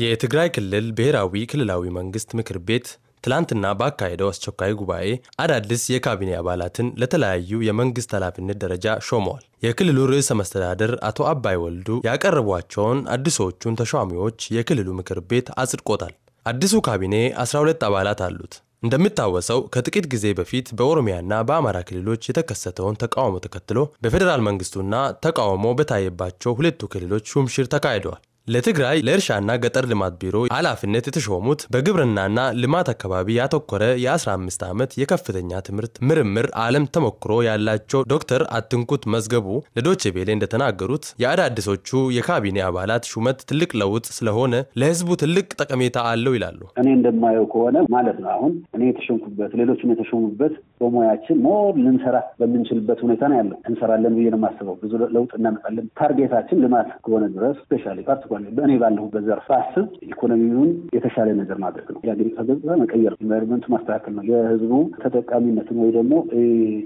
የትግራይ ክልል ብሔራዊ ክልላዊ መንግስት ምክር ቤት ትላንትና ባካሄደው አስቸኳይ ጉባኤ አዳዲስ የካቢኔ አባላትን ለተለያዩ የመንግስት ኃላፊነት ደረጃ ሾመዋል። የክልሉ ርዕሰ መስተዳደር አቶ አባይ ወልዱ ያቀረቧቸውን አዲሶቹን ተሿሚዎች የክልሉ ምክር ቤት አጽድቆታል። አዲሱ ካቢኔ 12 አባላት አሉት። እንደሚታወሰው ከጥቂት ጊዜ በፊት በኦሮሚያና በአማራ ክልሎች የተከሰተውን ተቃውሞ ተከትሎ በፌዴራል መንግስቱና ተቃውሞ በታየባቸው ሁለቱ ክልሎች ሹምሽር ተካሂደዋል። ለትግራይ ለእርሻና ገጠር ልማት ቢሮ ኃላፊነት የተሾሙት በግብርናና ልማት አካባቢ ያተኮረ የ15 ዓመት የከፍተኛ ትምህርት ምርምር ዓለም ተሞክሮ ያላቸው ዶክተር አትንኩት መዝገቡ ለዶቼ እንደተናገሩት የአዳዲሶቹ የካቢኔ አባላት ሹመት ትልቅ ለውጥ ስለሆነ ለሕዝቡ ትልቅ ጠቀሜታ አለው ይላሉ። እኔ እንደማየው ከሆነ ማለት ነው አሁን እኔ የተሾምኩበት ሌሎችም የተሾሙበት በሙያችን ሞር ልንሰራ በምንችልበት ሁኔታ ነው ያለው። እንሰራለን ብዬ ነው የማስበው። ብዙ ለውጥ እናመጣለን። ታርጌታችን ልማት ከሆነ ድረስ ስፔሻሊ ተደርጓል። በእኔ ባለሁበት ዘርፍ ሳስብ ኢኮኖሚውን የተሻለ ነገር ማድረግ ነው። ያገኝ ተገጽታ መቀየር፣ ኢንቫይሮንመንቱ ማስተካከል ነው። የህዝቡ ተጠቃሚነትን ወይ ደግሞ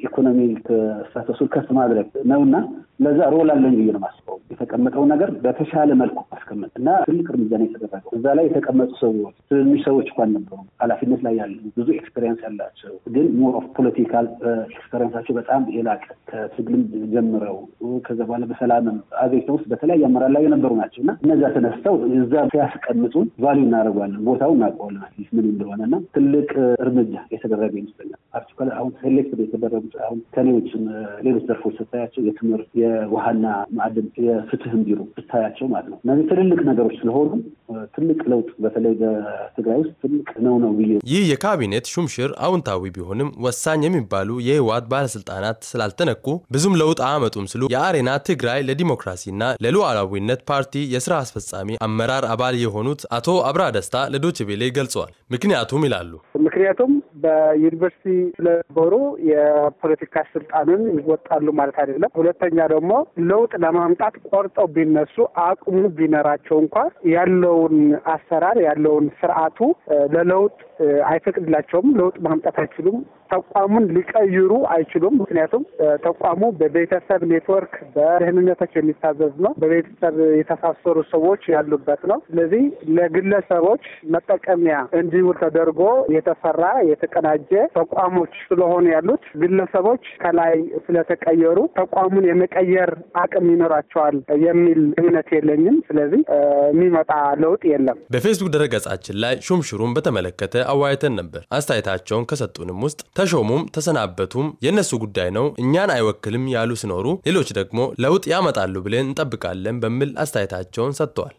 ኢኮኖሚ ስታተሱን ከፍ ማድረግ ነውና ለዛ ሮል አለኝ ብዬ ነው ማስበው። የተቀመጠው ነገር በተሻለ መልኩ ማስቀመጥ እና ትልቅ እርምጃ ነው የተደረገው። እዛ ላይ የተቀመጡ ሰዎች ትንሽ ሰዎች እንኳን ነበሩ፣ ኃላፊነት ላይ ያሉ ብዙ ኤክስፔሪንስ ያላቸው ግን ሞር ኦፍ ፖለቲካል ኤክስፔሪንሳቸው በጣም የላቀ ከትግልም ጀምረው ከዛ በኋላ በሰላምም አገሪቷ ውስጥ በተለያየ አመራር ላይ የነበሩ ናቸው እና እነዛ ተነስተው እዛ ሲያስቀምጡ ቫሊዩ እናደርገዋለን፣ ቦታው እናውቀዋለን፣ አትሊስት ምን እንደሆነ እና ትልቅ uh, እርምጃ የተደረገ ይመስለኛል። ፓርቲኩላር አሁን ሴሌክት የተደረጉት አሁን ከሌሎችም uh, ሌሎች ዘርፎች ስታያቸው የትምህርት የውሃና ማዕድን የፍትህ ቢሮ ብታያቸው ማለት ነው። እነዚህ ትልልቅ ነገሮች ስለሆኑ ትልቅ ለውጥ በተለይ በትግራይ ውስጥ ትልቅ ነው ነው ብዬ ይህ የካቢኔት ሹምሽር አውንታዊ ቢሆንም ወሳኝ የሚባሉ የህወሓት ባለስልጣናት ስላልተነኩ ብዙም ለውጥ አያመጡም ሲሉ የአሬና ትግራይ ለዲሞክራሲና ለሉዓላዊነት ፓርቲ የስራ አስፈጻሚ አመራር አባል የሆኑት አቶ አብራ ደስታ ለዶችቤሌ ገልጸዋል። ምክንያቱም ይላሉ ምክንያቱም በዩኒቨርሲቲ ስለነበሩ የፖለቲካ ስልጣንን ይወጣሉ ማለት አይደለም። ሁለተኛ ደግሞ ለውጥ ለማምጣት ቆርጠው ቢነሱ አቅሙ ቢኖራቸው እንኳ ያለውን አሰራር ያለውን ስርዓቱ ለለውጥ አይፈቅድላቸውም። ለውጥ ማምጣት አይችሉም። ተቋሙን ሊቀይሩ አይችሉም። ምክንያቱም ተቋሙ በቤተሰብ ኔትወርክ በደህንነቶች የሚታዘዝ ነው። በቤተሰብ የተሳሰሩ ሰዎች ያሉበት ነው። ስለዚህ ለግለሰቦች መጠቀሚያ እንዲውል ተደርጎ የተሰራ የተቀናጀ ተቋሞች ስለሆኑ ያሉት ግለሰቦች ከላይ ስለተቀየሩ ተቋሙን የመቀየር አቅም ይኖራቸዋል የሚል እምነት የለኝም። ስለዚህ የሚመጣ ለውጥ የለም። በፌስቡክ ድረገጻችን ላይ ሹምሽሩን በተመለከተ አወያይተን ነበር። አስተያየታቸውን ከሰጡንም ውስጥ ተሾሙም ተሰናበቱም የእነሱ ጉዳይ ነው፣ እኛን አይወክልም ያሉ ሲኖሩ፣ ሌሎች ደግሞ ለውጥ ያመጣሉ ብለን እንጠብቃለን በሚል አስተያየታቸውን ሰጥተዋል።